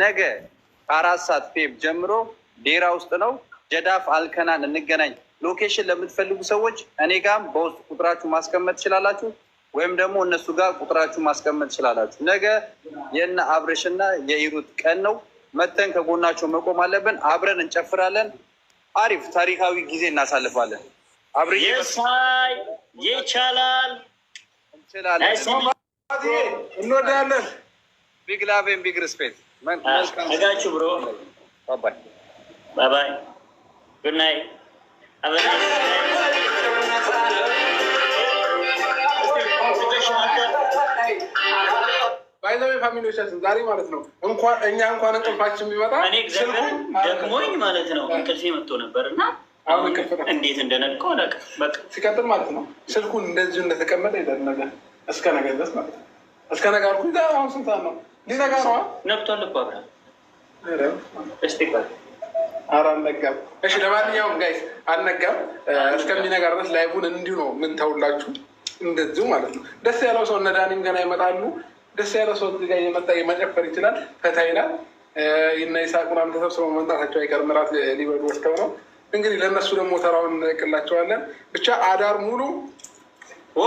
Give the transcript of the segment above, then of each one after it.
ነገ ከአራት ሰዓት ፌብ ጀምሮ ዴራ ውስጥ ነው። ጀዳፍ አልከናን እንገናኝ። ሎኬሽን ለምትፈልጉ ሰዎች እኔ ጋም በውስጥ ቁጥራችሁ ማስቀመጥ ትችላላችሁ፣ ወይም ደግሞ እነሱ ጋር ቁጥራችሁ ማስቀመጥ ትችላላችሁ። ነገ አብረሽ አብርሽና የኢሩት ቀን ነው። መተን ከጎናቸው መቆም አለብን። አብረን እንጨፍራለን። አሪፍ ታሪካዊ ጊዜ እናሳልፋለን። አብር ይቻላል። እንችላለን። እንወዳለን። ቢግ ላቭ ኤንድ ቢግ ሪስፔክት እጋችሁ ብሮ ባይ ጉድ ናይ ባይዘዊ ፋሚሊዎቻችን ዛሬ ማለት ነው እንኳን እኛ እንኳን እንቅልፋችን የሚመጣ ደግሞኝ ማለት ነው እንቅልፌ መጥቶ ነበር እና አሁን እንዴት እንደነቀው ሲቀጥል ማለት ነው ስልኩን እንደዚሁ እንደተቀመጠ ይደነገ እስከ ነገ ድረስ ማለት ነው። እስከ ነገ አልኩኝ። አሁን ስንት ነው? ሊነጋረዋ ነግቷል አልነጋም። እሺ ለማንኛውም ጋይስ አልነጋም። እስከሚነጋ ድረስ ላይቡን እንዲሁ ነው ምን ተውላችሁ እንደዚሁ ማለት ነው። ደስ ያለው ሰው እነ ዳኒም ገና ይመጣሉ። ደስ ያለው ሰው እዚህ ጋር እየመጣ የመጨፈር ይችላል። ፈታ ይላል እና ይሳቅ ምናምን ተሰብስበው መምጣታቸው አይቀርም። እራት ሊበሉ ወጥተው ነው እንግዲህ ለእነሱ ደግሞ ተራውን እንለቅላቸዋለን። ብቻ አዳር ሙሉ ኦ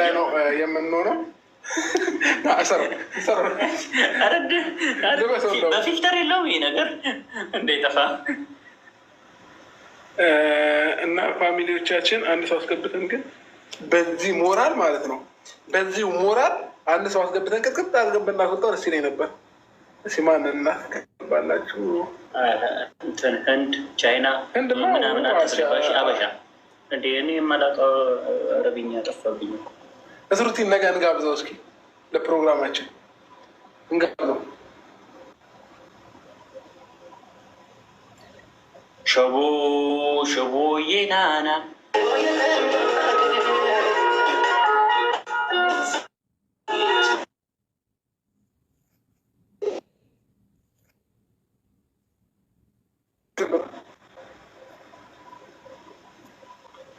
ላይ ነው የምንሆነው። በፊልተር የለውም ይህ ነገር እንዳይጠፋ እና ፋሚሊዎቻችን አንድ ሰው አስገብተን ግን በዚህ ሞራል ማለት ነው። በዚህ ሞራል አንድ ሰው አስገብተን ቅጥቅጥ አስገብተን እናስወጣው ደስ ይለኝ ነበር። እሺ ማንን እናስገባላችሁ? ህንድ፣ ቻይና፣ ምናምን አበሻ እንደ እኔ የማላውቀው አረብኛ ጠፋብኝ እኮ እስሩቲ ነገ እንጋብዘው እስኪ ለፕሮግራማችን እንጋብዘው። ሸቦ ሸቦ የናና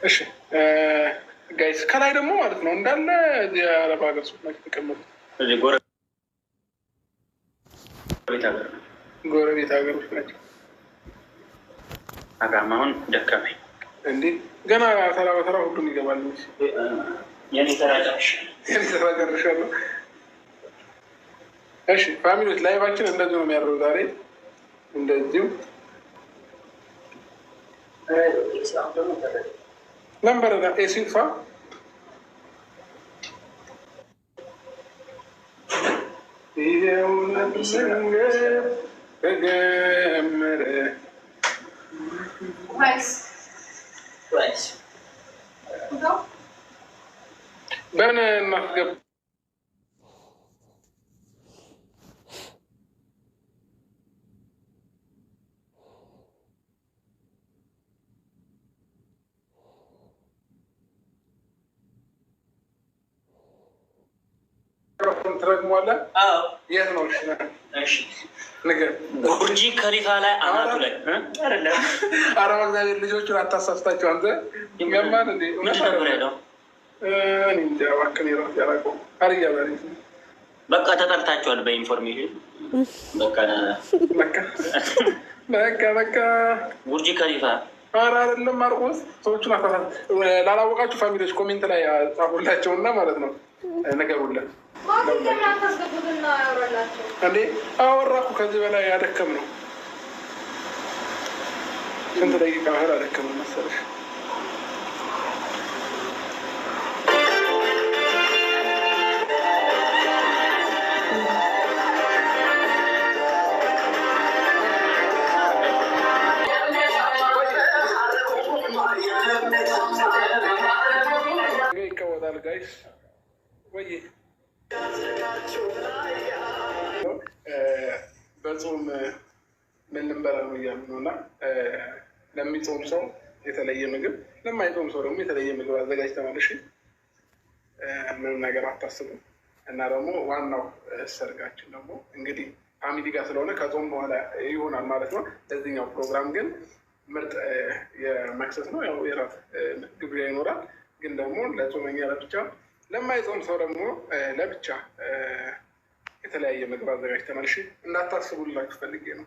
እሺ ጋይስ ከላይ ደግሞ ማለት ነው እንዳለ የአረብ ሀገር ሱቅ ተቀመጡ። ጎረቤት ሀገሮች ናቸው። አሁን ደከመኝ እንዴ ገና ተራ በተራ ሁሉን ይገባል። የኔ ተራ ጨርሻለሁ። እሺ ፋሚሊዎች ላይቫችን እንደዚሁ ነው የሚያደርገው ዛሬ እንደዚሁ da e un Lambarada è Silfa? Quais? Quais? Bene, ትረግሟለህ? የት ነው? ጉርጂ ላይ አናቱ ላይ አረብ እግዚአብሔር አታሳስታቸው። አንተ ገማን እንዴ በቃ በኢንፎርሜሽን በቃ በቃ አይደለም ማርቆስ ሰዎቹን ላላወቃችሁ ፋሚሊዎች ኮሜንት ላይ ጻፉላቸውና ማለት ነው ነገሩለን እንዴ አወራኩ። ከዚህ በላይ ያደከም ነው። ስንት ደቂቃ ያህል አደከም መሰለሽ? ይቀወጣል ጋይስ ወይ በጾም ምን ልንበላ ነው እያሉ ነው እና ለሚጾም ሰው የተለየ ምግብ፣ ለማይጾም ሰው ደግሞ የተለየ ምግብ አዘጋጅተናል። እሺ ምንም ነገር አታስቡ እና ደግሞ ዋናው ሰርጋችን ደግሞ እንግዲህ ፋሚሊ ጋር ስለሆነ ከጾም በኋላ ይሆናል ማለት ነው። ለዚህኛው ፕሮግራም ግን ምርጥ የመክሰስ ነው ያው የራት ግብዣ ይኖራል። ግን ደግሞ ለጾመኛ ለብቻ፣ ለማይጾም ሰው ደግሞ ለብቻ የተለያየ ምግብ አዘጋጅ ተመልሼ እንዳታስቡላችሁ ፈልጌ ነው።